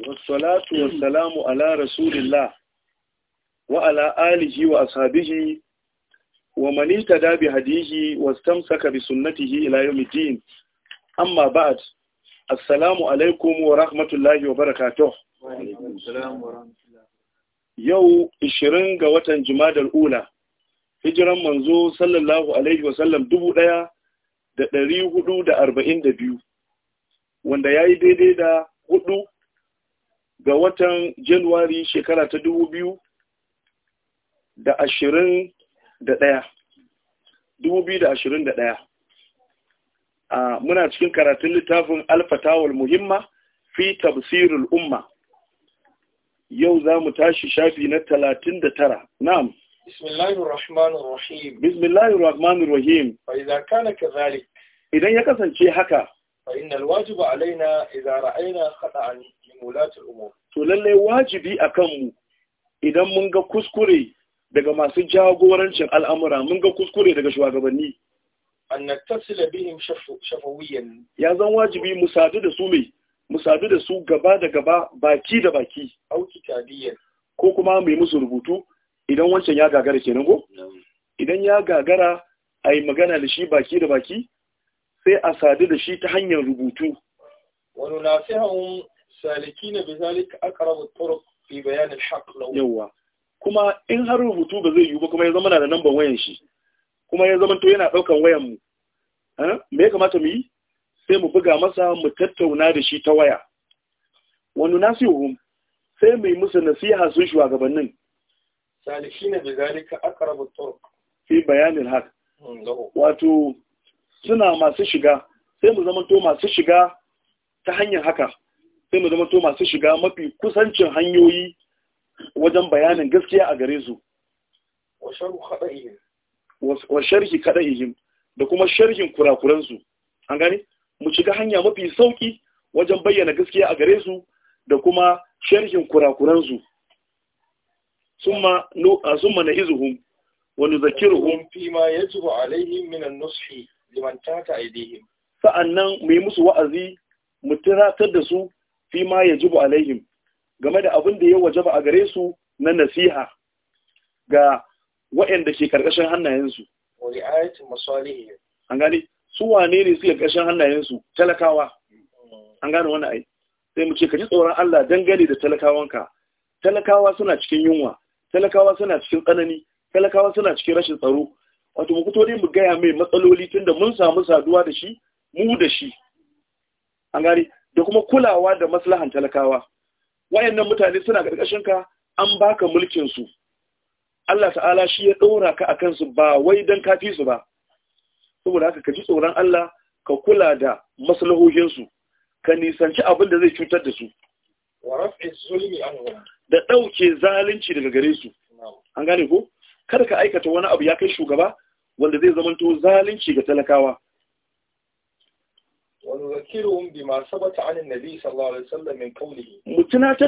wassalatu wassalamu ala rasulillah wa ala alihi wa ashabihi wa man ittaba bi hadihi wastamsaka bi sunnatihi ila yawmiddin amma ba'd assalamu alaikum wa rahmatullahi wa barakatuh yau 20 ga watan jumadal ula hijiran manzo sallallahu alaihi wa sallam dubu da ɗari da arba'in da biyu wanda ya yi daidai da hudu ga watan Januwari shekara ta dubu biyu da ashirin da ɗaya. Dubu biyu da ashirin da ɗaya. A muna cikin karatun littafin Alfatawar Muhimma fi tafsirul umma. Yau za mu tashi shafi na talatin da tara. Na'am. bismillahirrahmanirrahim bismillahirrahmanirrahim Rahim. Rahim. Fa idan kana kadhalik. Idan ya kasance haka. فإن الواجب علينا إذا رأينا خطأ من ولاة الأمور to lallai wajibi a kanmu idan mun ga kuskure daga masu jagorancin al'amura mun ga kuskure daga shugabanni an nattasila bihim shafawiyan ya zan wajibi mu sadu da su mai mu sadu da su gaba da gaba baki da baki auki tabiyan ko kuma mu yi musu rubutu idan wancan ya gagara kenan go idan ya gagara a yi magana da shi baki da baki sai a sadu da shi ta hanyar rubutu wani nasihun saliki na bizalik akarabu turuk fi bayanin haƙ lau kuma in har rubutu ba zai yiwu ba kuma ya zama na da namban wayan shi kuma ya zama to yana ɗaukan wayan mu eh, me ya kamata mu yi sai mu buga masa mu tattauna da shi ta waya wani nasihun sai mu yi musu nasiha sun shugabannin saliki na bizalika akarabu turuk fi bayanin haƙ hmm, wato suna masu shiga sai mu zama to masu shiga ta hanyar haka sai mu zama to masu shiga mafi kusancin hanyoyi wajen bayanin gaskiya a gare su wa sharhi kada'ihim da kuma sharhin kurakuransu an gane mu shiga hanya mafi sauki wajen bayyana gaskiya a gare su da kuma sharhin kurakuransu summa na izuhum wani nuzakiruhum fima yajibu alaihim an nushi liman aidihim sa'annan mu yi musu wa'azi mu tiratar da su fi ma yajibu alaihim game da abin da ya wajaba a gare su na nasiha ga waɗanda ke karkashin hannayensu wa ri'ayati masalihim an gane su wane ne suke ƙarshen hannayensu talakawa mm. an gane wani ai sai mu ce ka ji tsoron Allah dangane da talakawanka talakawa suna cikin yunwa talakawa suna cikin tsanani talakawa suna cikin rashin tsaro wato mu fito dai mu gaya mai matsaloli tunda mun samu saduwa da shi mu da shi an gani. da kuma kulawa da maslahan talakawa wayannan mutane suna karkashin ka an baka mulkin su Allah ta'ala shi ya daura ka akan su ba wai dan kafi su ba saboda haka ka ji tsoron Allah ka kula da maslahohin su ka nisanci abin da zai cutar da su da ɗauke zalunci daga gare su an gane ko kada ka aikata wani abu ya kai shugaba wanda zai to zalunci ga talakawa ونذكرهم بما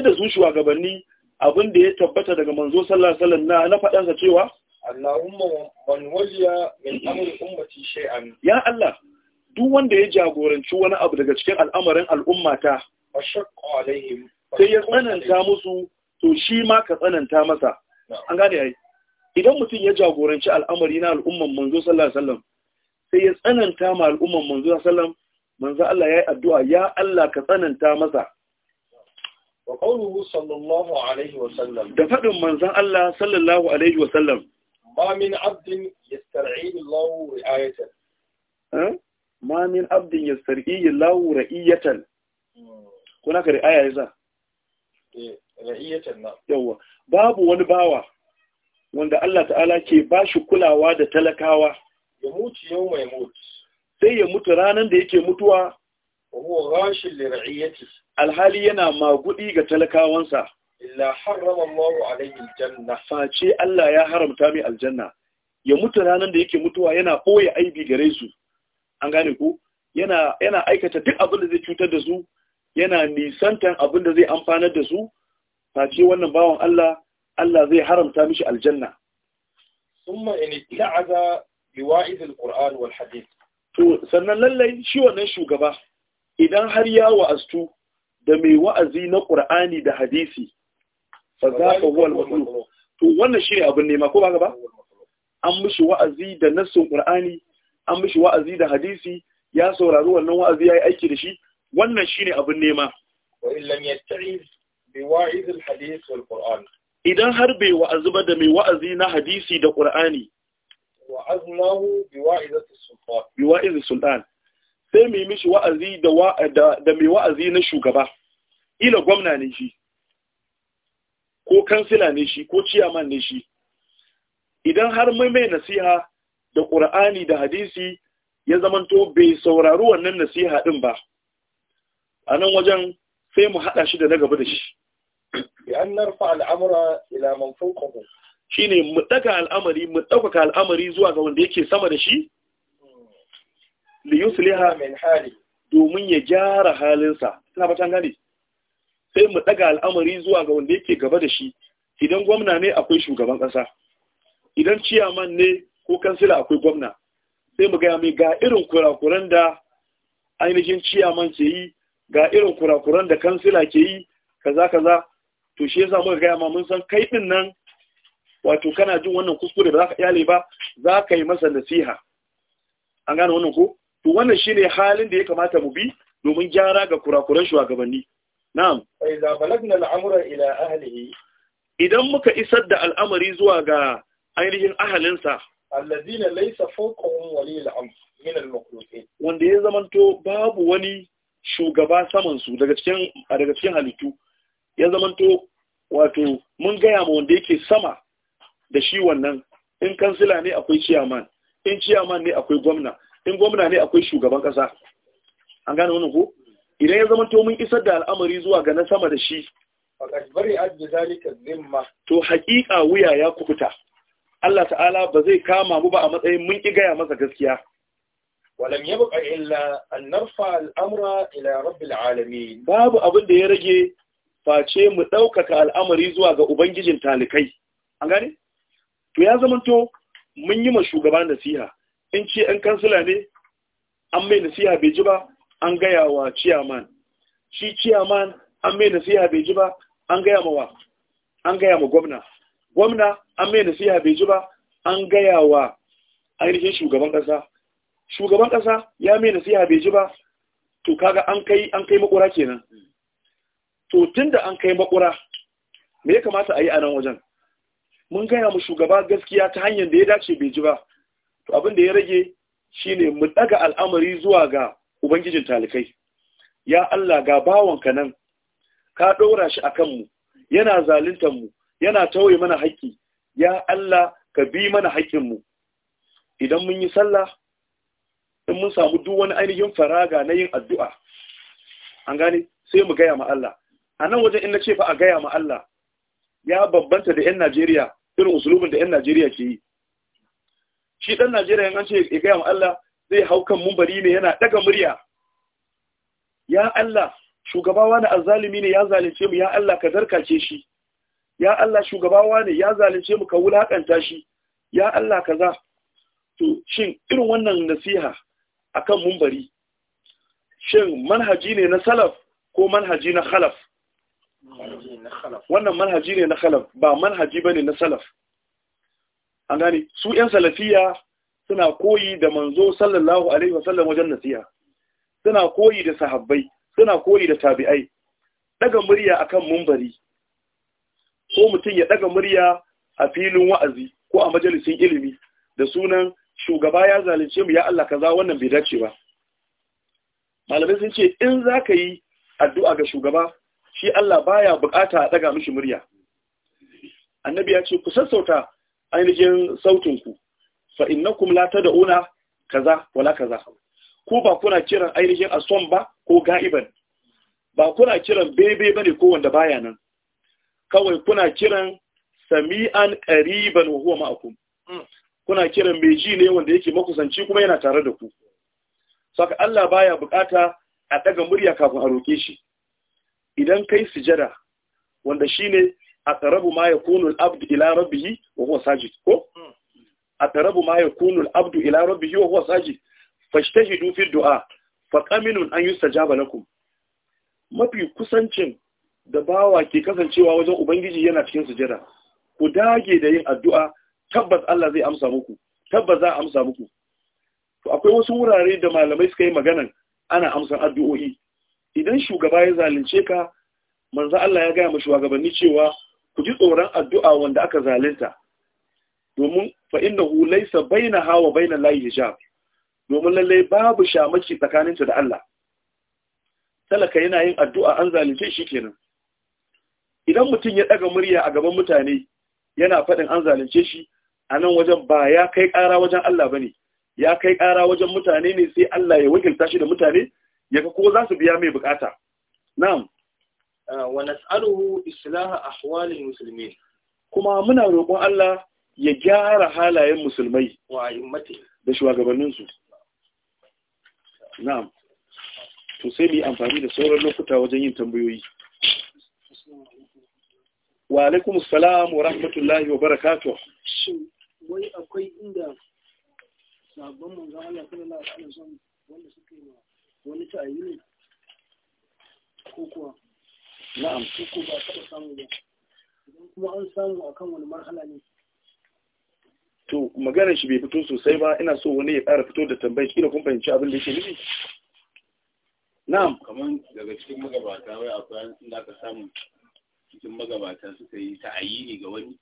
da su shugabanni abin da ya tabbata daga manzo sallallahu alaihi wasallam na na cewa Allahumma man waliya min amri ummati shay'an ya Allah duk wanda ya jagoranci wani abu daga cikin al'amarin al'ummata ashaqqa alaihim sai ya tsananta musu to shi ma ka tsananta masa an gane yayi idan mutum ya jagoranci al'amari na al'umman manzo sallallahu alaihi wasallam sai ya tsananta ma al'umman manzo sallallahu alaihi wasallam manzo Allah yayi addu'a ya Allah ka tsananta masa wa qawluhu sallallahu alaihi wasallam da fadin manzan Allah sallallahu alaihi wasallam ma min abdin ya Allah ri'ayatan eh ma min abdin ra'iyatan kuna ka ri'aya yasa eh ra'iyatan na yawa babu wani bawa wanda Allah ta'ala ke ba shi kulawa da talakawa ya mutu yau mai mutu sai ya mutu ranar da yake mutuwa huwa ghashin li alhali yana magudi ga talakawansa illa harrama Allahu alayhi aljanna face Allah ya haramta mai aljanna ya mutu ranar da yake mutuwa yana boye aibi gare su an gane ku yana yana aikata duk abin da zai cutar da su yana nisantan abin da zai amfanar da su face wannan bawan Allah Allah zai haramta mishi aljanna thumma in itta'aza biwa'iz alquran wal hadith to sannan lallai shi wannan shugaba idan har ya wa'astu da mai wa'azi na qur'ani da hadisi fa za ka huwa al to wannan shi abin nema ko ba ga ba an mishi wa'azi da nassin qur'ani an mishi wa'azi da hadisi ya saurari wannan wa'azi ya yi aiki da shi wannan shi ne abin nema. Wa illam yatta'iz bi wa'iz al-hadith wal Qur'an. idan har bai wa'azi ba da mai wa'azi na hadisi da ƙur'ani Wa’azi sultan sai mai mishi wa'azi da mai wa'azi na shugaba ila gwamna ne shi ko kansila ne shi ko ciyaman ne shi idan har mai mai nasiha da ƙur'ani da hadisi ya zamanto bai saurari wannan nasiha ɗin ba a nan wajen sai mu haɗa shi da na gaba da shi an narfa al'amura ila man fawqahu shine mu daga al'amari mu daukaka al'amari zuwa ga wanda yake sama da shi li yusliha min hali domin ya gyara halinsa ina ba tan gane sai mu daga al'amari zuwa ga wanda yake gaba da shi idan gwamna ne akwai shugaban kasa idan ciyaman ne ko kansila akwai gwamna sai mu ga mai ga irin kurakuran da ainihin ciyaman ke yi ga irin kurakuran da kansila ke yi kaza kaza to shi yasa muka gaya ma mun san kai din nan wato kana jin wannan kuskure ba za ka iyale ba za ka yi masa nasiha an gane wannan ko to wannan shine halin da ya kamata mu bi domin gyara ga kurakuran shugabanni na'am fa idza balagna al'amra ila ahlihi idan muka isar da al'amari zuwa ga ainihin ahalinsa allazina laysa fawqahum wali al'amr min al-makhluqin wanda ya zamanto babu wani shugaba saman su daga cikin daga cikin halittu ya zamanto wato mun gaya ma wanda yake sama da shi wannan in kansila ne akwai ciyaman in ciyaman ne akwai gwamna in gwamna ne akwai shugaban kasa an gane wannan ko idan ya zamanto mun isar da al'amari zuwa ga na sama da shi to haƙiƙa wuya ya kubuta Allah ta'ala ba zai kama mu ba a matsayin mun ki gaya masa gaskiya ولم illa إلا narfa نرفع ila إلى رب Babu abin da ya rage. face mu ɗaukaka al'amari zuwa ga ubangijin talikai an gane to ya zamanto mun yi ma shugaba nasiha in ce ɗan kansila ne an mai nasiha bai ji ba an gaya wa ciyaman shi ciyaman an mai nasiha bai ji ba an gaya ma wa an gaya ma gwamna gwamna an mai nasiha bai ji ba an gaya wa ainihin shugaban ƙasa shugaban ƙasa ya mai nasiha bai ji ba to kaga an kai an kai makura kenan tun da an kai makura me ya kamata a yi a nan wajen mun gaya mu shugaba gaskiya ta hanyar da ya dace bai ji ba to abin da ya rage shine mu daga al'amari zuwa ga ubangijin talikai ya Allah ga bawanka nan ka ɗora shi a kanmu yana zaluntar mu yana tauye mana haƙƙi ya Allah ka bi mana mu. idan mun yi sallah in mun samu duk wani ainihin faraga na yin addu'a an gane sai mu gaya ma Allah a nan wajen in na ce fa a gaya ma Allah ya babbanta da 'yan Najeriya irin usulubin da 'yan Najeriya ke yi shi ɗan Najeriya an ce ya gaya ma Allah zai hau kan mumbari ne yana ɗaga murya ya Allah shugabawa na azalimi ne ya zalunce mu ya Allah ka zarkace shi ya Allah shugabawa ne ya zalunce mu ka wulakanta shi ya Allah ka za to shin irin wannan nasiha akan mumbari shin manhaji ne na salaf ko manhaji na khalaf wannan manhaji ne na khalaf ba manhaji bane na salaf an gani su yan salafiya suna koyi da manzo sallallahu alaihi wasallam wajen nasiha suna koyi da sahabbai suna koyi da tabi'ai daga murya akan mumbari ko mutum ya daga murya a filin wa'azi ko a majalisin ilimi da sunan shugaba ya zalunce mu ya Allah kaza wannan bai dace ba malamai sun ce in zaka yi addu'a ga shugaba shi Allah baya bukata a daga mishi murya annabi ya ce ku sassauta ainihin sautin ku fa innakum la tad'una kaza wala kaza ku ba kuna kiran ainihin asom ba ko ga'iban ba kuna kiran bebe bane ko wanda baya nan kawai kuna kiran sami'an qariban wa huwa ma'akum hmm. kuna kiran mai ji ne wanda yake makusanci kuma yana tare da ku saka Allah baya bukata a daga murya kafin a roke shi idan kai sujada wanda shine aqrabu ma yakunu al-abdu ila rabbihi wa huwa sajid ko hmm. aqrabu ma yakunu al-abdu ila rabbihi wa huwa sajid fashtahidu fi du'a fa faqaminun an yustajaba lakum mafi kusancin da bawa ke kasancewa wajen ubangiji yana cikin sujada ku dage da yin addu'a tabbas Allah zai amsa muku tabbas za a amsa muku to akwai wasu wurare da malamai suka yi magana ana amsan addu'o'i idan shugaba ya zalunce ka manzo Allah ya gaya ma shugabanni cewa ku ji tsoron addu'a wanda aka zalunta domin fa innahu laysa bainaha wa bainal lahi hijab domin lalle babu shamaki tsakaninta da Allah talaka yana yin addu'a an zalunce shi kenan idan mutum ya daga murya a gaban mutane yana faɗin an zalunce shi a nan wajen ba ya kai kara wajen Allah bane ya kai ƙara wajen mutane ne sai Allah ya wakilta shi da mutane yaga ko za su biya mai bukata na'am ah, wa nas'aluhu islah ahwal muslimin kuma muna roƙon Allah ya gyara halayen musulmai wa a'immati da shugabannin su na'am to sai mu amfani da sauran lokuta wajen yin tambayoyi wa alaikumus salam wa rahmatullahi wa barakatuh shin wai akwai inda sabon manzo Allah sallallahu alaihi wasallam wanda suke yi wani ta ayi ne ko kuwa na'am ko ko ba taɓa samu ba idan kuma an samu akan wani marhala ne to maganar shi bai fito sosai ba ina so wani ya ƙara fito da tambayi kila kun fahimci abin da yake nufi na'am kaman daga cikin magabata wai akwai inda ka samu cikin magabata suka yi ne ga wani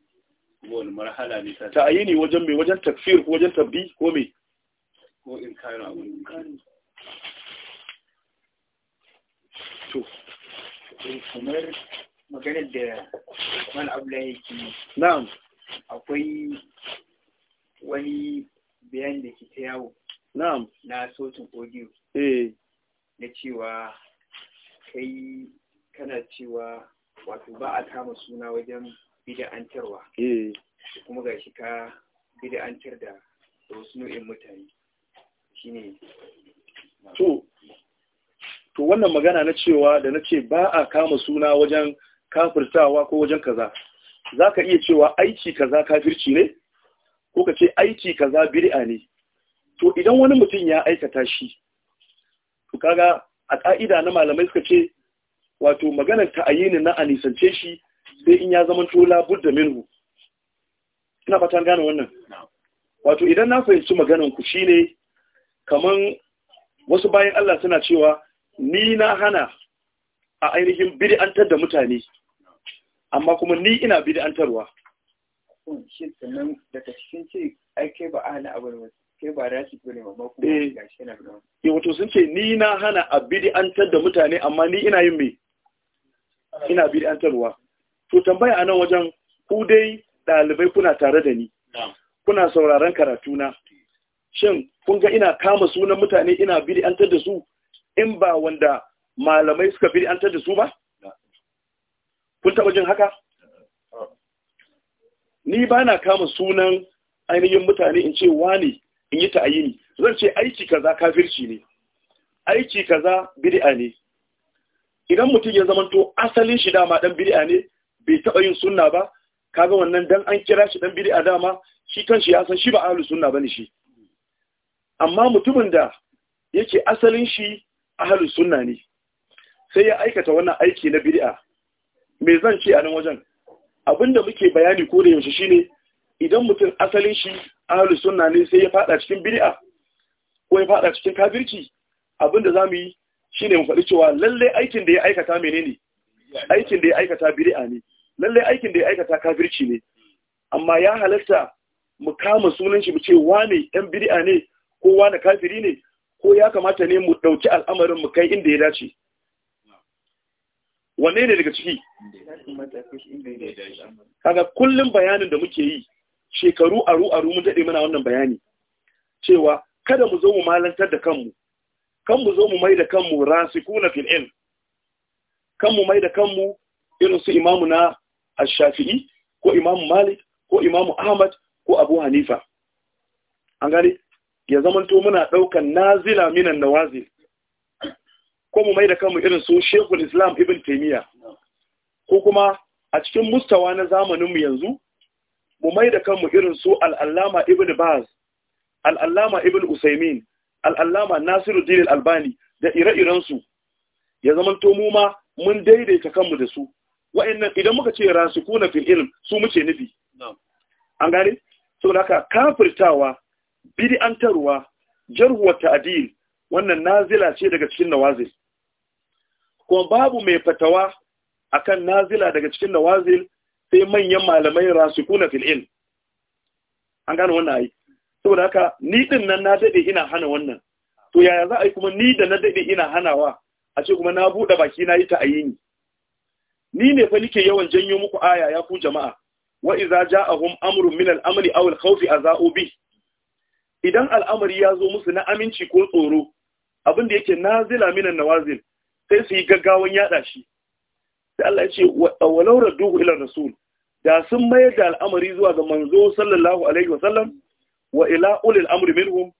kuma wani marhala ne ta ne wajen mai wajen tafsir ko wajen tabbi ko me ko in kana abin kamar maganar da wani abu da yake na'am akwai wani bayan da ke ta yawo na'am na sautin audio eh na cewa kai kana cewa wato ba a kama suna wajen bida'antarwa eh kuma ga shi ka bid'antar da wasu nau'in mutane shine to wannan magana na cewa da na ce ba a kama suna wajen kafirtawa ko wajen kaza za ka iya cewa aiki kaza kafirci ne ko ka ce aiki kaza biri'a ne to idan wani mutum ya aikata shi to kaga a ka'ida na malamai suka ce wato maganar ta'ayinin na a nisance shi sai in ya zama tola budda minhu ina fatan gane wannan wato idan na fahimci maganar ku shine kaman wasu bayan Allah suna cewa ni na hana a ainihin bid'antar da mutane amma kuma ni ina bid'antarwa shi sannan daga cikin ce ai ba hana abu ne kai ba rashi bane ba kuma eh. gashi na ba eh, wato sun ce ni na hana a bid'antar da mutane amma ni ina yin me ina bid'antarwa to tambaya a nan wajen ku dai dalibai kuna tare da ni kuna sauraron karatuna shin kun ga ina kama sunan mutane ina bid'antar da su in ba wanda malamai suka fi an da su ba kun taɓa jin haka ni ba na kama sunan ainihin mutane in ce wani in yi ta'ayini zan ce aiki kaza kafirci ne aiki kaza bid'a ne idan mutum ya zamanto asalin shi dama dan bid'a ne bai taɓa yin sunna ba kaga wannan dan an kira shi dan bid'a dama shi kanshi ya san shi ba ahlus sunna ne shi amma mutumin da yake asalin shi ahalus sunna ne sai ya aikata wannan aiki na bid'a me zan ce a nan wajen abinda muke bayani ko da yaushe shine idan mutum asalin shi ahalus sunna ne sai ya fada cikin bid'a ko ya fada cikin kafirci abinda zamu yi shine mu faɗi cewa lalle aikin da ya aikata menene aikin da ya aikata bid'a ne lalle aikin da ya aikata kafirci ne amma ya halatta mu kama sunan shi mu ce wane ɗan bid'a ne ko wane kafiri ne ko ya kamata ne mu ɗauki al'amarin mu kai inda ya dace wanne ne daga ciki kaga kullum bayanin da muke yi shekaru aru aru mun daɗe mana wannan bayani cewa kada mu zo mu malantar da kanmu kan mu zo mu mai da kanmu rasikuna fil ilm kan mu mai da kanmu irin su imamu na ash-shafi'i ko imamu malik ko imamu ahmad ko abu hanifa an gane ya zamanto muna ɗaukan nazila minan nawazil ko mu mai da kanmu irin su shekul islam ibn taimiyya ko kuma a cikin mustawa na zamanin mu yanzu mu mai da kanmu irin su Al-Allama ibn baz Al-Allama ibn usaimin allama nasiru al albani da ire iren su? ya zamanto mu ma mun daidaita kanmu da su wa'annan idan muka ce rasu fil ilm su muke nufi an gane saboda haka ka kafirtawa bid'antarwa jarhu wa ta'dil wannan nazila ce daga cikin nawazil kuma babu mai fatawa akan nazila daga cikin nawazil sai manyan malamai rasikuna fil ilm an gane wannan ai saboda haka ni din nan na dade ina hana wannan to yaya za a yi kuma ni da na dade ina hanawa a ce kuma na bude baki na yi ta'ayini ni ne fa nike yawan janyo muku aya ya ku jama'a wa idza ja'ahum amrun min al-amri aw al-khawfi aza'u bihi idan al'amari ya zo musu na aminci ko tsoro abin da yake nazila minan nawazil sai su yi gaggawan yada shi sai Allah ya ce walau radduhu ila rasul da sun mayar da al'amari zuwa ga manzo sallallahu alaihi wa sallam wa ila ulil amri minhum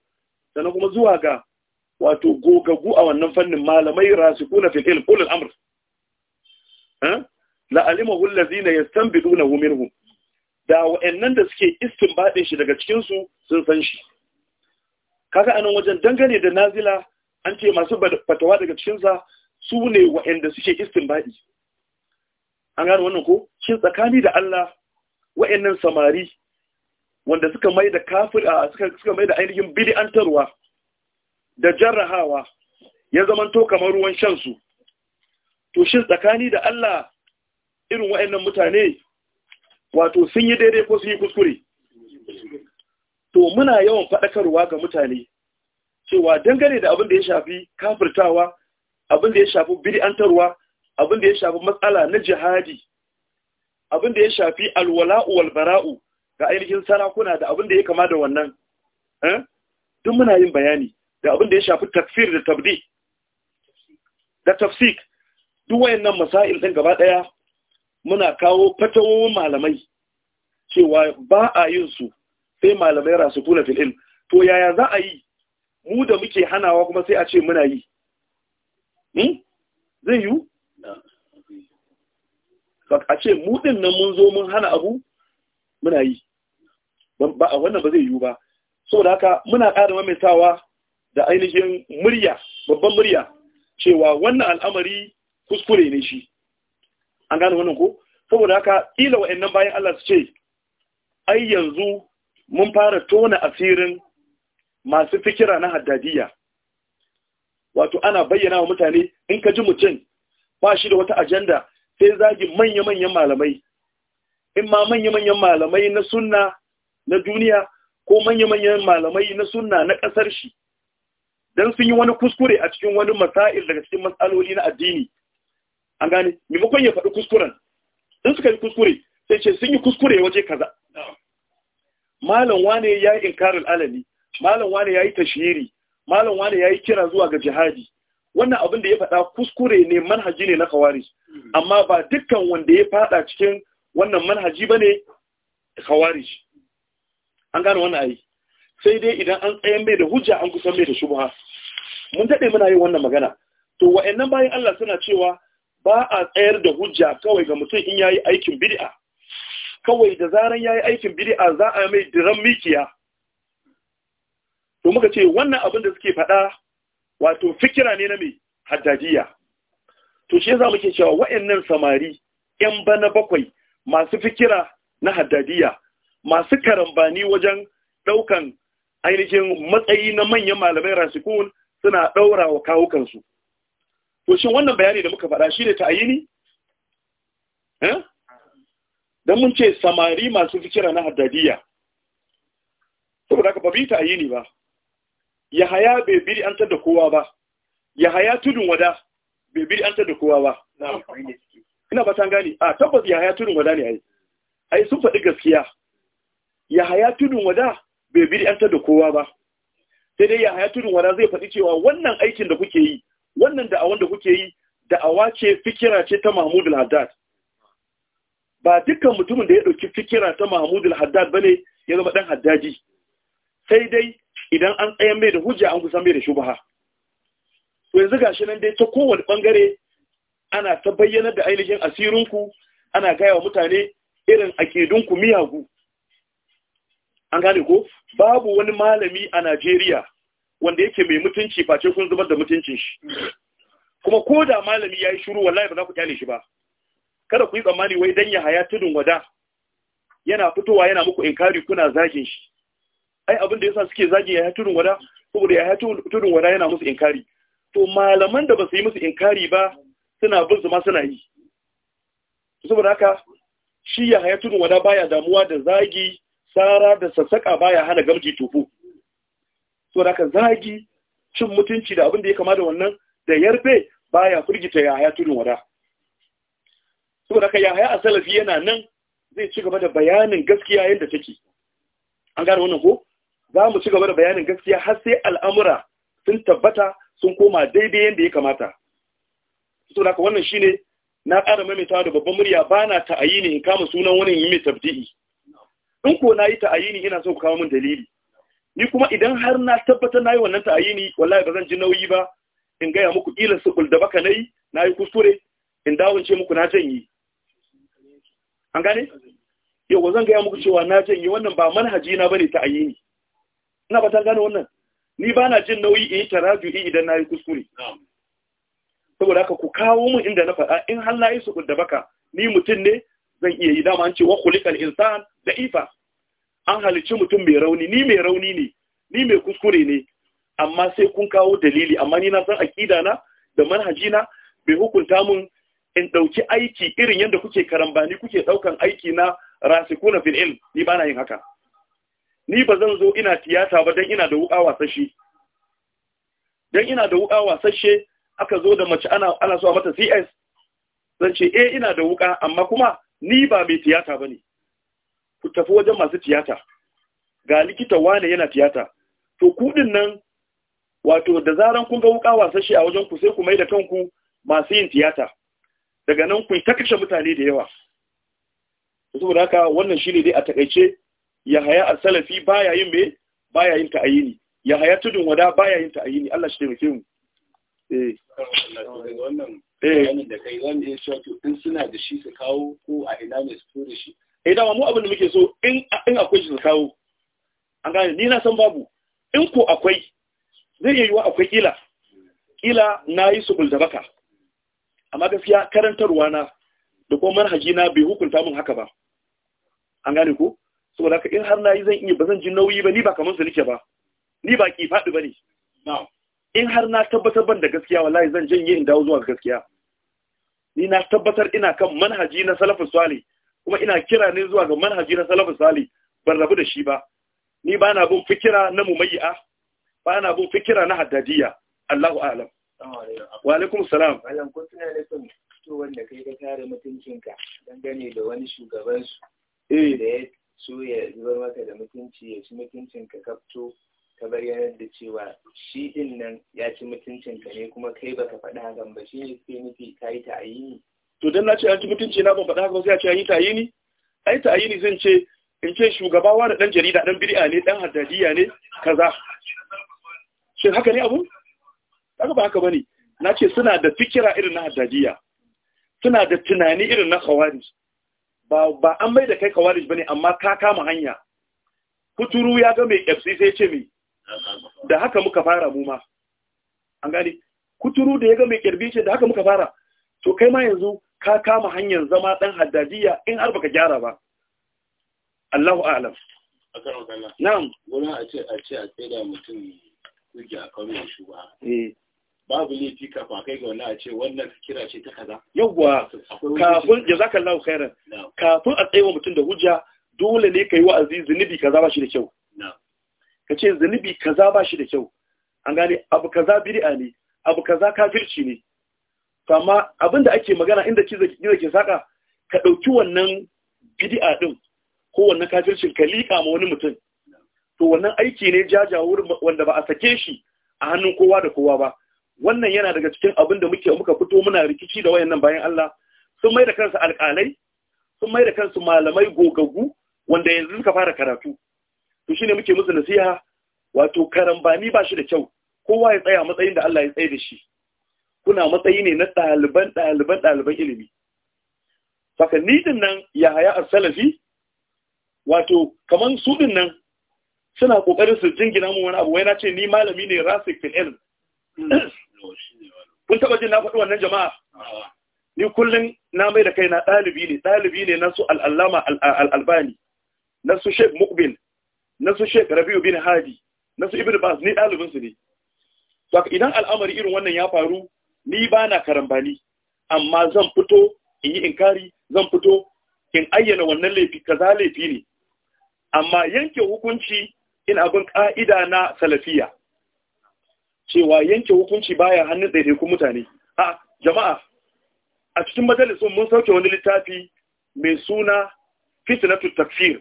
sannan kuma zuwa ga wato gogagu a wannan fannin malamai rasikuna fil ilm ulil amr eh la alimahu allazina yastanbidunahu minhum da wa'annan da suke istinbadin shi daga cikin su sun san shi kaga anan wajen dangane da nazila an ce masu fatawa daga cikinsa su ne wa'anda suke istinbadi an gano wannan ko shin tsakani da Allah wa'annan samari wanda suka mai da kafir suka suka mai da ainihin bid'antarwa da jarrahawa ya zamanto kamar ruwan shan su to shin tsakani da Allah irin wa'annan mutane wato sun yi daidai ko sun yi kuskure to muna yawan faɗakarwa ga mutane cewa dangane da abin da ya shafi kafirtawa abin da ya shafi bid'antarwa abin da ya shafi matsala na jihadi abin da ya shafi alwala'u wal bara'u ga ainihin sarakuna da abin da ya kama da wannan eh? duk muna yin bayani da abin da ya shafi tafsir da tabdi da tafsik duk wayannan masail din gaba daya muna kawo fatawowin malamai cewa ba a yin su sai malamai rasu tuna fil’il to yaya za a yi mu da muke hanawa kuma sai a ce muna yi hmm? zai yiwu a ce mu din nan mun zo mun hana abu muna yi ba a wannan ba zai yiwu ba saboda haka muna ƙara maimaitawa da ainihin murya babban murya cewa wannan al'amari kuskure ne shi an gane wannan ko saboda haka ila wa'annan bayan Allah su ce ai yanzu mun fara tona asirin masu fikira na haddadiya wato ana bayyana wa mutane in ka ji mutum ba shi da wata ajanda sai zagi manya-manyan malamai in ma manya-manyan malamai na sunna na duniya ko manya-manyan malamai na sunna na ƙasar shi don sun yi wani kuskure a cikin wani masa'il daga cikin matsaloli na addini an gane maimakon ya faɗi kuskuren in suka yi kuskure sai ce sun yi kuskure waje kaza malam wane ya yi inkarar alami malam wane ya yi tashiri malam wane ya yi kira zuwa ga jihadi wannan abin da ya faɗa kuskure ne manhaji ne na kawari hmm. amma ba dukkan wanda ya faɗa cikin wannan manhaji ba ne kawari an gane wannan ayi sai dai idan an tsayan mai da hujja an kusan mai da shubha mun daɗe muna yi wannan magana to wa'annan bayan Allah suna cewa ba a tsayar da hujja kawai ga mutum in ya yi aikin bid'a kawai da zaran ya yi aikin bid'a za a mai diran mikiya to muka ce wannan abin da suke faɗa wato fikira ne na mai haddajiya to shi yasa muke cewa wayannan samari yan bana bakwai masu fikira na haddadiya masu karambani wajen ɗaukan ainihin matsayi na manyan malamai rasikun suna ɗaura wa kawukansu to shin wannan bayani da muka faɗa shi ne ta'ayini eh don mun ce samari masu fikira na haddadiya saboda ka ba ta yi ne ba yahaya bai biri an da kowa ba yahaya tudun wada bai biri an da kowa ba ina ba tan gani a tabbas yahaya tudun wada ne ai ai sun faɗi gaskiya yahaya tudun wada bai biri an da kowa ba sai dai yahaya tudun wada zai faɗi cewa wannan aikin da kuke yi wannan da'awan da kuke yi da'awa ce fikira ce ta mahmud al-haddad ba dukkan mutumin da ya ɗauki fikira ta Mahmudul haddad bane ya zama ɗan haddaji sai dai idan an tsayan mai da hujja an kusan mai da shubaha to yanzu gashi nan dai ta kowane bangare ana ta bayyanar da ainihin asirinku ana gaya wa mutane irin akidunku miyagu an gane ko babu wani malami a Najeriya wanda yake mai mutunci face kun zubar da mutuncin shi kuma ko da malami yayi shiru wallahi ba za ku kyale shi ba kada ku yi tsammani wai dan ya haya tudun wada yana fitowa yana muku inkari kuna zagin shi ai abin da yasa suke zagi ya tudun wada saboda ya tudun wada yana musu inkari to malaman da ba su yi musu inkari ba suna bin su ma suna yi saboda haka shi ya haya tudun wada baya damuwa da zagi sara da sassaka baya hana gamji tufu saboda haka zagi cin mutunci da abin da ya kama da wannan da yarbe baya firgita ya haya tudun wada saboda haka yahaya a salafi yana nan zai ci gaba da bayanin gaskiya yadda take an gane wannan ko za mu ci gaba da bayanin gaskiya har sai al'amura sun tabbata sun koma daidai yadda ya kamata saboda ka wannan shine na ƙara maimaitawa da babban murya ba na ta'ayini in kama sunan wani yi mai tabdi'i in ko na yi ta'ayini ina so ku kawo min dalili ni kuma idan har na tabbatar na yi wannan ta'ayini wallahi ba zan ji nauyi ba in gaya muku ƙila su da baka na yi na yi kuskure in dawance muku na janye an gane yau zan gaya muku cewa na janye wannan ba manhaji na bane ta ayini ina ba ta gane wannan ni ba na jin nauyi in yi taraju'i idan na yi kuskure saboda haka ku kawo mun inda na faɗa in har na yi su da baka ni mutum ne zan iya yi dama an ce wa insan da ifa an halicci mutum mai rauni ni mai rauni ne ni mai kuskure ne amma sai kun kawo dalili amma ni na san akida na da manhaji na bai hukunta mun in ɗauki aiki irin yadda kuke karambani kuke ɗaukan aiki na rasikuna fil ilm ni ba na yin haka ni ba zan zo ina tiyata ba don ina da wuƙa wasashe don ina da wuƙa wasashe aka zo da mace ana ana so a mata CS zan ce eh ina da wuƙa amma kuma ni ba mai tiyata ba ne ku tafi wajen masu tiyata ga likita wane yana tiyata to kuɗin nan wato da zaran kun ga wuƙa wasashe a wajen ku sai ku mai da kanku masu yin tiyata daga nan kun ta kashe mutane da yawa saboda haka wannan shine dai a takaice haya a salafi baya yin me baya yin Ya haya tudun wada baya yin ni. Allah shi taimake mu eh wannan bayanin da kai zan ya cewa in suna da shi su kawo ko a ina ne su tura shi eh, eh mu abin da muke so in in akwai shi su kawo an gane ni na san babu in ko akwai zai iya wa akwai kila kila nayi yi da baka amma gaskiya karantarwa na da kuma manhaji na bai hukunta min haka ba an gane ko saboda haka in har na yi zan iya ba ji nauyi ba ni ba kamar su nake ba ni ba ki faɗi ba in har na tabbatar ban da gaskiya wallahi zan janye in dawo zuwa gaskiya ni na tabbatar ina kan manhaji na salafus salih kuma ina kira ne zuwa ga manhaji na salafus salih ban rabu da shi ba ni ba na bin fikira na mumayya ba na bin fikira na haddadiya Allahu a'lam wa alaikum salam malam kun tuna da son wanda kai ka kare mutuncinka dangane da wani shugaban su eh. da ya so ya zubar maka da mutunci ya ci mutuncinka ka fito ka yanar da cewa shi din nan ya ci mutuncinka ne kuma kai baka faɗi hakan ba shi ne sai nufi ka yi ta'ayini to dan na ce an ci mutunci na ban faɗa hakan sai a ce an yi ta'ayini ai ta'ayini zan ce in ce shugaba wa da ɗan jarida ɗan bir'a ne ɗan hadadiya ne kaza shin haka ne abu kaga ba haka bane na ce suna da fikira irin na haddadiya suna da tunani irin na khawarij ba ba an mai da kai khawarij bane amma ka kama hanya kuturu ya ga mai FC sai ce mai da haka muka fara mu ma an gani kuturu da ya ga mai kirbi ce da haka muka fara to kai ma yanzu ka kama hanyar zama dan haddadiya in har baka gyara ba Allahu a'lam na'am gona a ce a ce a tsaya mutum kuke a kawai shi ba eh babu laifi kafa kai ga wannan a ce wannan kira ce ta kaza yawwa kafin ya zaka lau khairan kafin a tsaye wa mutum da hujja dole ne kai wa'azi zunubi kaza ba shi da kyau ka ce zunubi kaza ba shi da kyau an gane abu kaza bid'a ne abu kaza kafirci ne amma abin da ake magana inda kiza ke saka ka ɗauki wannan bid'a ɗin ko wannan kafircin ka liƙa ma wani mutum to wannan aiki ne jajawar wanda ba a sake shi a hannun kowa da kowa ba wannan yana daga cikin abin da muke muka fito muna rikici da wayannan bayan Allah sun mai da kansu alƙalai sun mai da kansu malamai gogaggu wanda yanzu suka fara karatu to shine muke musu nasiha wato karambani ba shi da kyau kowa ya tsaya matsayin da Allah ya tsaye da shi kuna matsayi ne na ɗaliban ɗaliban ɗaliban ilimi saka ni din nan haya as-Salafi wato kaman su din nan suna kokarin su jingina mu wani abu wai na ce ni malami ne rasik fil ilm hmm. kun taba jin na faɗi wannan jama'a ni kullum na mai da kai na ɗalibi ne ɗalibi ne na su al'allama al'albani na su sheik mukbil na su rabiu bin hadi na su ibn bas ni ɗalibinsu ne Ba idan al'amari irin wannan ya faru ni ba na karambani amma zan fito in yi inkari zan fito in ayyana wannan laifi kaza laifi ne amma yanke hukunci in abin ƙa'ida na salafiya cewa yanke hukunci baya hannun ɗaiɗaikun mutane a jama'a a cikin majalisun mun sauke wani littafi mai suna fitnatu tafsir,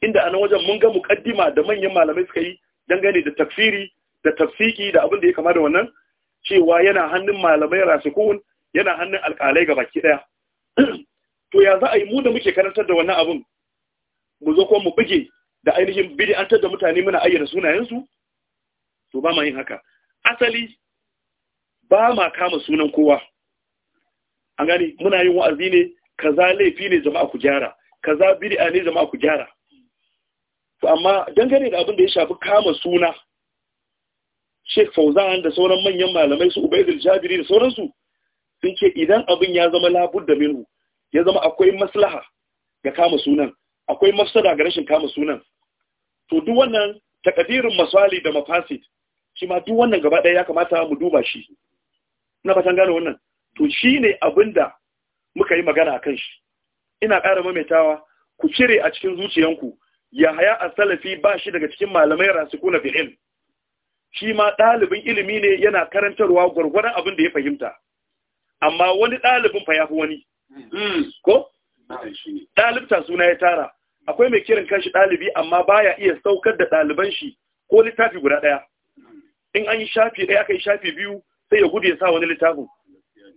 inda a nan wajen mun ga mukaddima da manyan malamai suka yi dangane da tafsiri da tafsiki da abin da ya kama da wannan cewa yana hannun malamai rasikun yana hannun alƙalai ga baki ɗaya to ya za a yi mu da muke karantar da wannan abin mu zo ko mu buge da ainihin bid'antar da mutane muna ayyana sunayensu to ba ma yin haka asali ba ma kama sunan kowa an gani muna yin wa'azi ne kaza laifi ne jama'a ku gyara kaza bid'a ne jama'a ku gyara to amma dangane da abin da ya shafi kama suna Sheikh Fauzan da sauran manyan malamai su Ubaydul Jabiri da sauransu sun ce idan abin ya zama da minhu ya zama akwai maslaha ga kama sunan akwai mafsada ga rashin kama sunan to duk wannan takadirin maswali da mafasid shi ma duk wannan gaba ɗaya ya kamata mu duba shi Na fatan gane wannan to shi ne abin da muka yi magana a kan shi ina ƙara mametawa ku cire a cikin zuciyanku ya haya a salafi ba shi daga cikin malamai rasiku na fil'il shi ma ɗalibin ilimi ne yana karantarwa gwargwaron abin da ya fahimta amma wani ɗalibin fa ya fi wani hmm. ko ɗalibta suna ya tara akwai mai kiran kanshi ɗalibi amma baya iya saukar da ɗaliban shi ko littafi guda ɗaya in an yi shafi ɗaya aka yi shafi biyu sai ya gudu ya sa wani littafin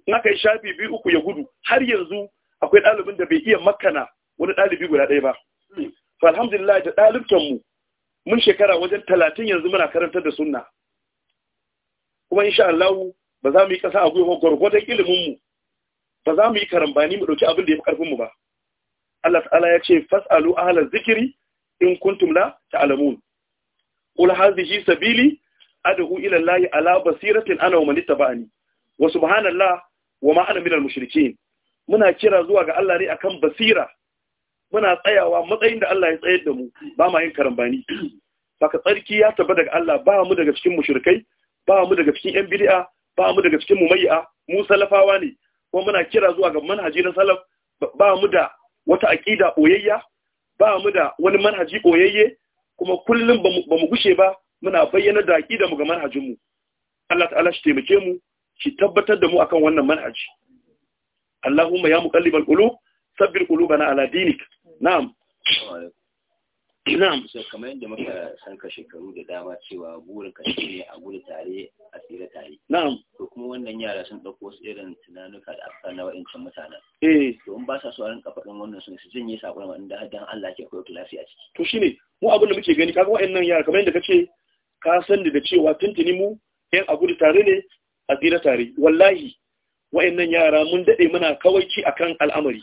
in aka yi shafi biyu uku ya gudu har yanzu akwai ɗalibin da bai iya makana wani ɗalibi guda ɗaya ba to alhamdulillah da mu mun shekara wajen talatin yanzu muna karantar da sunna kuma insha Allah ba za mu yi ƙasa a gwiwa gwargwadon mu. ba za mu yi karambani mu ɗauki abin da ya fi ƙarfinmu ba Allah ta'ala ya ce fas'alu ahla zikiri in kuntum la ta'lamun qul hadhihi sabili ad'u ila Allah ala basiratin ana wa man wa subhanallah wa ma ana minal mushrikeen muna kira zuwa ga Allah ne akan basira muna tsayawa matsayin da Allah ya tsayar da mu ba ma yin karambani baka tsarki ya taba daga Allah ba mu daga cikin mushrikai ba mu daga cikin yan bid'a ba mu daga cikin mumayya mu salafawa ne kuma muna kira zuwa ga manhaji na salaf ba mu da wata aqida boyayya ba mu da wani manhaji boyayye kuma kullum ba mu gushe ba muna bayyana da aqida mu ga manhajin mu Allah ta'ala shi taimake mu shi tabbatar da mu akan wannan manhaji Allahumma ya muqallibal qulub sabbir qulubana ala dinik na'am na'am sai kamar yadda muka san ka shekaru da dama cewa burin ka shine a gudu tare a tsira tare na'am to kuma wannan yara sun dauko su irin tunanuka da aka na wa'ancan mutanen eh to in ba sa so a rinka wannan sun su jinye sakon wanda dan Allah ke koyo kilasi a ciki to shine mu abin da muke gani kaga wa'annan yara kamar yadda kace ka san da cewa tuntuni mu yan a gudu tare ne a tsira tare wallahi wa'annan yara mun daɗe muna kawaici akan al'amari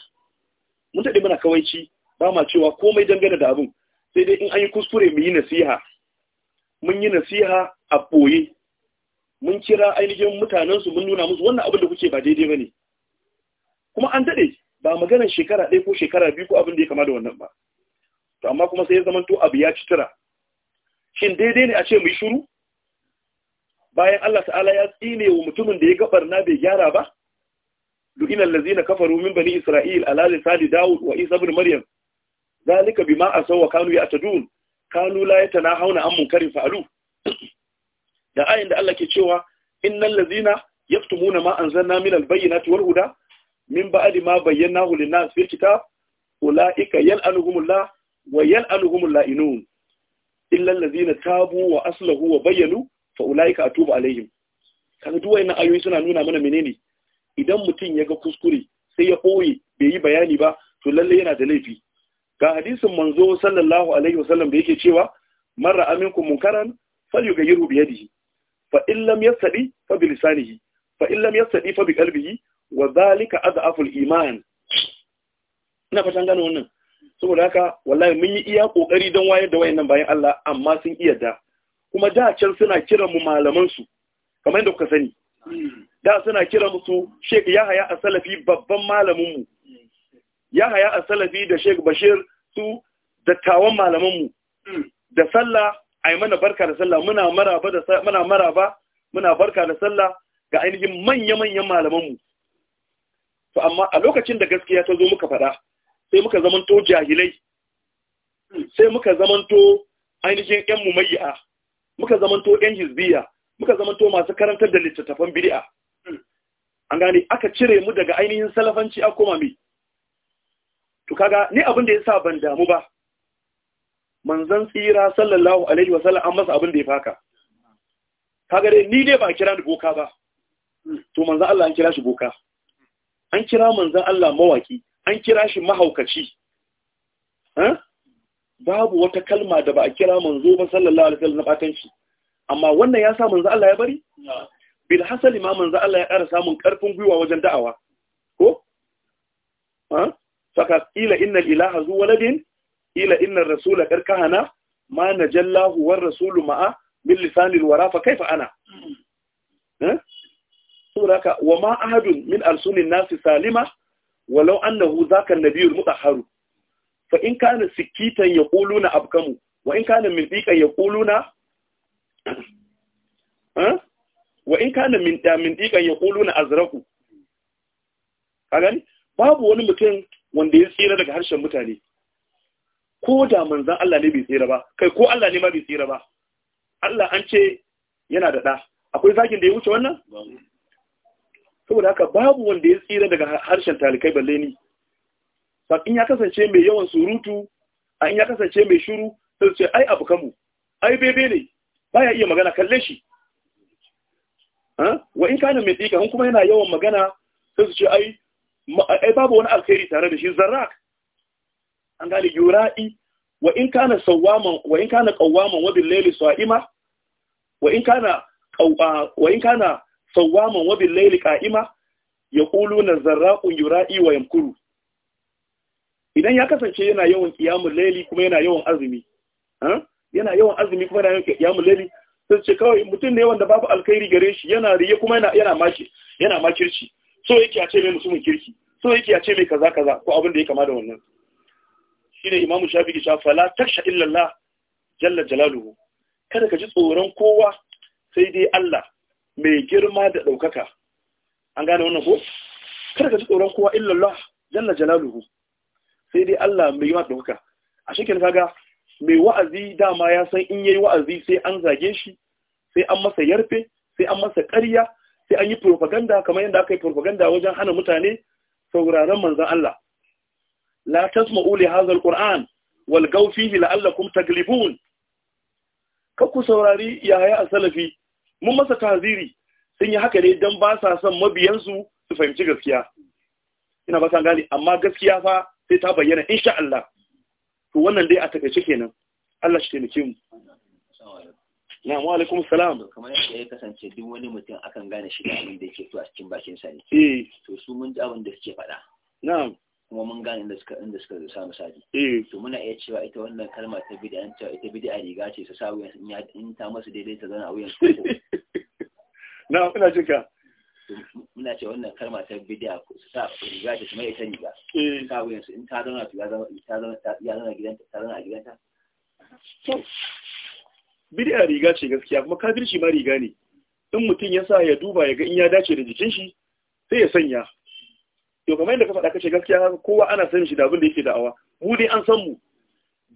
mun daɗe muna kawaici ba ma cewa komai dangane da abin sai dai in an yi kuskure mu yi nasiha mun yi nasiha a ɓoye. mun kira ainihin mutanensu mun nuna musu wannan abin da kuke ba daidai ba ne kuma an daɗe ba maganar shekara ɗaya ko shekara biyu ko abin da ya kama da wannan ba to amma kuma sai ya zama abu ya ci tura shin daidai ne a ce mai shuru bayan Allah ta'ala ya tsine wa mutumin da ya gabar na bai gyara ba lazi na kafaru min bani isra'il ala sadi Dawud wa isa bin maryam zalika bima a sauwa kanu ya ya'tadun kanu la hauna an karin fa'alu da ayin da Allah ke cewa Lazina ya yaktumuna ma anzalna min ta wal huda min ba adi ma bayyana lin fil kitab ulaika yal'anuhumullah wa yal'anuhumul la'inun illal ladina tabu wa aslahu wa bayyanu fa ulaika atubu alaihim kaga duk ayoyi suna nuna mana menene idan mutum ya ga kuskure sai ya ɓoye bai yi bayani ba to lalle yana da laifi ga hadisin manzo sallallahu alaihi wasallam da yake cewa man ra'a minkum munkaran falyughayyirhu bi yadihi fa in lam yastadi fa bi lisanihi fa in lam yastadi fa bi qalbihi wa dhalika adhafu iman ina fatan gano wannan saboda haka wallahi mun yi iya kokari don wayar da wayannan bayan Allah amma sun iya da kuma da can suna kiran mu malaman su kamar yadda kuka sani da suna kiran mu su Sheikh Yahaya salafi babban malamin mu Yahaya salafi da Sheikh Bashir su dattawan malaman mu da sallah ai mana barka da sallah muna maraba da muna maraba muna barka da sallah ga ainihin manya-manyan malaman mu to amma a lokacin da gaskiya ta zo muka faɗa sai muka zamanto jahilai sai muka zamanto ainihin yan mumayya muka zamanto yan hizbiya muka zamanto masu karantar da littattafan bid'a an gane aka cire mu daga ainihin salafanci a koma mai to kaga ni abin da yasa ban damu ba manzon tsira sallallahu alaihi wasallam an masa abin da ya faka kaga dai ni dai ba kira ni boka ba to manzon Allah an kira shi boka an kira manzon Allah mawaki an kira shi mahaukaci babu wata kalma da ba a kira manzo ba sallallahu alaihi wasallam na batanci amma wannan ya sa manzo Allah ya bari bil hasali ma manzo Allah ya ƙara samun ƙarfin gwiwa wajen da'awa ko ha saka ila innal ilaha zu waladin ila innar rasula karkahana ma najallahu war rasulu ma'a min lisanil wara fa kaifa ana ha saboda wa ma ahadun min alsunin nasi salima walau annahu zaka nabiyul mutahharu fa in kana sikitan yaquluna abkamu wa in kana mindiqan yaquluna ha eh? wa in kana min ya yaquluna azraku kagani babu wani mutum wanda ya tsira daga harshen mutane ko da manzan Allah ne bai tsira ba kai ko Allah ne ma bai tsira ba Allah an ce yana da ɗa akwai zagin da ya wuce wannan saboda haka babu wanda ya tsira daga harshen talikai balle ni in ya kasance mai yawan surutu a in ya kasance mai shuru sai ce ai abu kamu ai bebe ne baya iya magana kalle shi wa in kana mai tsika kuma yana yawan magana sai su ce ai ai babu wani alkhairi tare da shi zarrak an gane yura'i wa in kana sawaman wa in kana qawaman wa bil layli sa'ima wa in kana wa in kana sawaman wa bil layli qa'ima yaquluna zarraqun yura'i wa yamkuru idan ya kasance yana yawan qiyamul layli kuma yana yawan azumi yana yawan azumi kuma yana yawan qiyamul layli sai ce kawai mutum ne wanda babu alkhairi gare shi yana riye kuma yana yana maki yana makirci so yake a ce mai musulmin kirki so yake a ce mai kaza kaza ko abin da ya kama da wannan shine imamu shafi'i sha fala taksha illallah jalla jalaluhu kada ka ji tsoron kowa sai dai Allah mai girma da ɗaukaka an gane wannan ko kada ka ji tsoron kowa illallah jalla jalaluhu sai dai Allah mai yawa ɗaukaka a shekin kaga mai wa'azi dama ya san in ya yi wa'azi sai an zage shi sai an masa yarfe sai an masa ƙarya sai an yi propaganda kamar yadda aka yi propaganda wajen hana mutane sauraron manzan Allah la tasma'u li hadha alquran wal gaw fihi la'allakum taglibun kakku saurari yahaya a salafi mun masa taziri sun yi haka ne don ba sa son mabiyansu su fahimci gaskiya ina ba san gane amma gaskiya fa sai ta bayyana insha Allah to wannan dai a takaice kenan Allah shi taimake mu na'am wa alaikum salam kamar yadda ya kasance duk wani mutum akan gane shi da abin da yake so a cikin bakin sa ne eh to su mun da abin suke faɗa na'am kuma mun gane inda suka inda suka sa misali eh to muna iya cewa ita wannan kalma ta bid'a ta ita bid'a riga ce sa sawu in ta masa daidai ta zana a wuyan su na ina jinka ka muna ce wannan kalma ta bid'a su sa riga ce kuma ita riga eh. sa wuyan su in ta zana ta zama ta zama ta zama gidanta ta zama a gidanta bid'a riga ce gaskiya kuma kafirci ma riga ne in mutum ya sa ya duba ya ga in ya dace da jikin shi sai ya sanya to kamar yadda ka faɗa kace gaskiya kowa ana san shi da abin da yake da'awa mu dai an san mu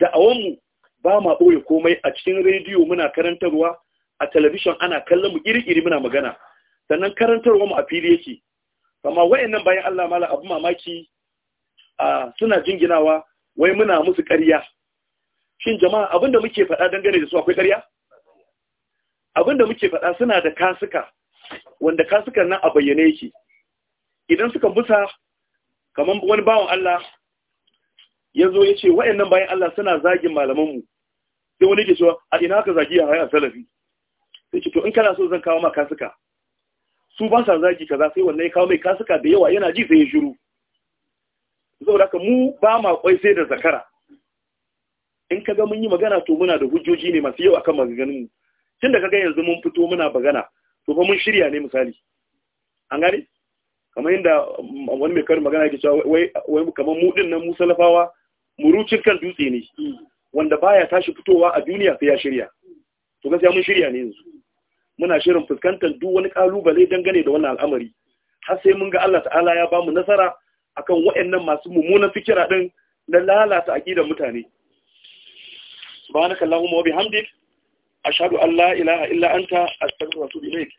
da'awan mu ba ma ɓoye komai a cikin rediyo muna karantarwa a talabishin ana kallon mu iri-iri muna magana sannan karantarwa mu a fili yake amma wayannan bayan Allah mala abu mamaki a suna jinginawa wai muna musu ƙarya shin jama'a abinda muke faɗa dangane da su akwai ƙarya abinda muke faɗa suna da kasuka wanda kasukan nan a bayyane yake idan suka busa kamar wani bawan Allah ya zo ya ce wa'annan bayan Allah suna zagin malamanmu sai wani ke cewa a ina ka zagi a hayar salafi sai ce to in kana so zan kawo ma kasuka su ba sa zagi za sai wannan ya kawo mai kasuka da yawa yana ji sai ya shiru saboda ka mu ba ma kwai sai da zakara in ka ga mun yi magana to muna da hujjoji ne masu yawa kan kan mu tun da ga yanzu mun fito muna bagana to fa mun shirya ne misali an gane kamar yadda wani mai karin magana yake cewa wai kamar mu din nan mu salafawa murucin kan dutse ne wanda baya tashi fitowa a duniya sai ya shirya to gaskiya mun shirya ne yanzu muna shirin fuskantar duk wani kalubale dangane da wannan al'amari har sai mun ga Allah ta'ala ya bamu nasara akan wa'annan masu mummunan fikira din na lalata aqidar mutane subhanakallahumma wa bihamdik ashhadu an la ilaha illa anta astaghfiruka wa atubu ilaik